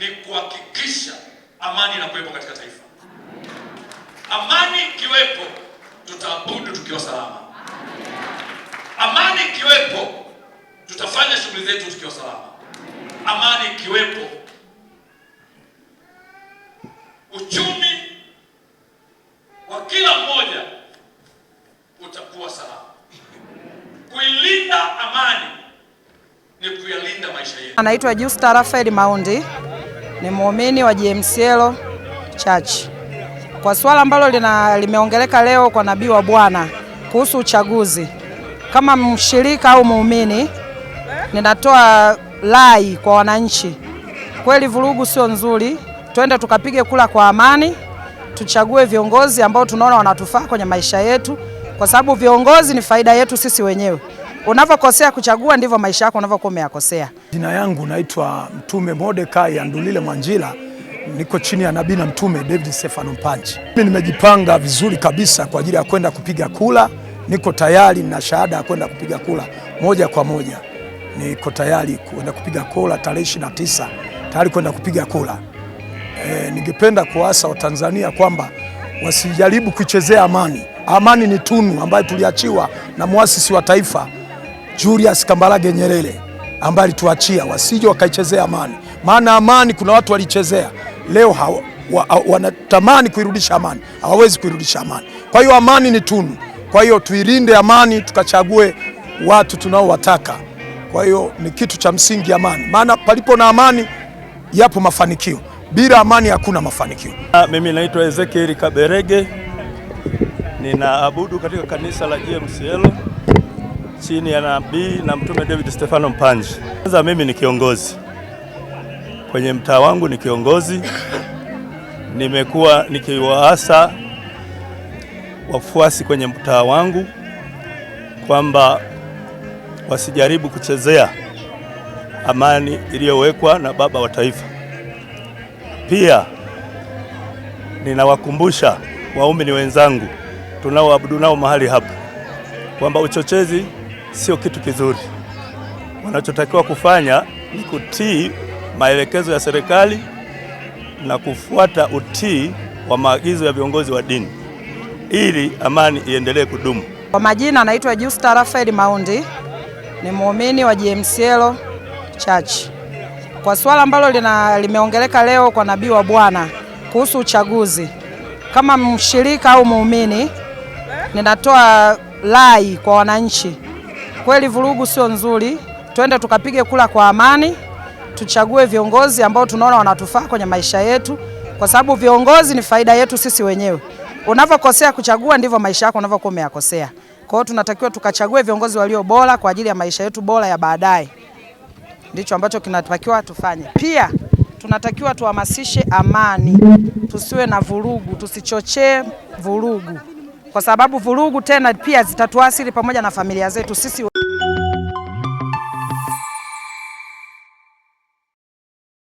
ni kuhakikisha amani inakuwepo katika taifa. Amani ikiwepo, tutaabudu tukiwa salama. Amani ikiwepo, tutafanya shughuli zetu tukiwa salama. Amani ikiwepo, uchumi wa kila mmoja utakuwa salama. Kuilinda amani ni kuyalinda maisha yetu. Anaitwa Justa Rafael Maundi ni muumini wa GMCL Church. Kwa swala ambalo lina limeongeleka leo kwa nabii wa Bwana kuhusu uchaguzi, kama mshirika au muumini, ninatoa lai kwa wananchi, kweli vurugu sio nzuri, twende tukapige kula kwa amani, tuchague viongozi ambao tunaona wanatufaa kwenye maisha yetu, kwa sababu viongozi ni faida yetu sisi wenyewe unavyokosea kuchagua ndivyo maisha yako unavyokuwa umeyakosea. Jina yangu naitwa Mtume Modekai Andulile Mwanjila, niko chini ya nabii na mtume David Stefano Mpanji. Mimi nimejipanga vizuri kabisa kwa ajili ya kwenda kupiga kula, niko tayari na shahada ya kwenda kupiga kula moja kwa moja, niko tayari kwenda kupiga kula tarehe 29, tayari kwenda kupiga kula. E, ningependa kuasa Watanzania kwamba wasijaribu kuichezea amani. Amani ni tunu ambayo tuliachiwa na muasisi wa taifa Julius Kambarage Nyerere ambaye alituachia wasije wakaichezea amani, maana amani kuna watu walichezea, leo hawa, wa, wa, wanatamani kuirudisha amani, hawawezi kuirudisha amani. Kwa hiyo amani ni tunu, kwa hiyo tuilinde amani, tukachague watu tunaowataka. Kwa hiyo ni kitu cha msingi amani, maana palipo na amani yapo mafanikio, bila amani hakuna mafanikio. Ha, ah, mimi naitwa Ezekiel Kaberege ninaabudu katika kanisa la GMCL chini ya nabii na mtume David Stefano Mpanji. Kwanza mimi ni kiongozi kwenye mtaa wangu, ni kiongozi nimekuwa nikiwaasa wafuasi kwenye mtaa wangu kwamba wasijaribu kuchezea amani iliyowekwa na baba wa taifa. Pia ninawakumbusha waumini wenzangu tunaoabudu nao mahali hapa kwamba uchochezi sio kitu kizuri. Wanachotakiwa kufanya ni kutii maelekezo ya serikali na kufuata utii wa maagizo ya viongozi wa dini ili amani iendelee kudumu. Kwa majina anaitwa Justa Rafael Maundi, ni muumini wa GMCL Church. Kwa swala ambalo limeongeleka leo kwa nabii wa Bwana kuhusu uchaguzi, kama mshirika au muumini, ninatoa rai kwa wananchi Kweli vurugu sio nzuri, twende tukapige kula kwa amani, tuchague viongozi ambao tunaona wanatufaa kwenye maisha yetu, kwa sababu viongozi ni faida yetu sisi wenyewe. Unavyokosea kuchagua ndivyo maisha yako unavyokuwa umeyakosea. Kwa hiyo tunatakiwa tukachague viongozi walio bora kwa ajili ya maisha yetu bora ya baadaye, ndicho ambacho kinatakiwa tufanye. Pia tunatakiwa tuhamasishe amani, tusiwe na vurugu, tusichochee vurugu kwa sababu vurugu tena pia zitatuathiri pamoja na familia zetu sisi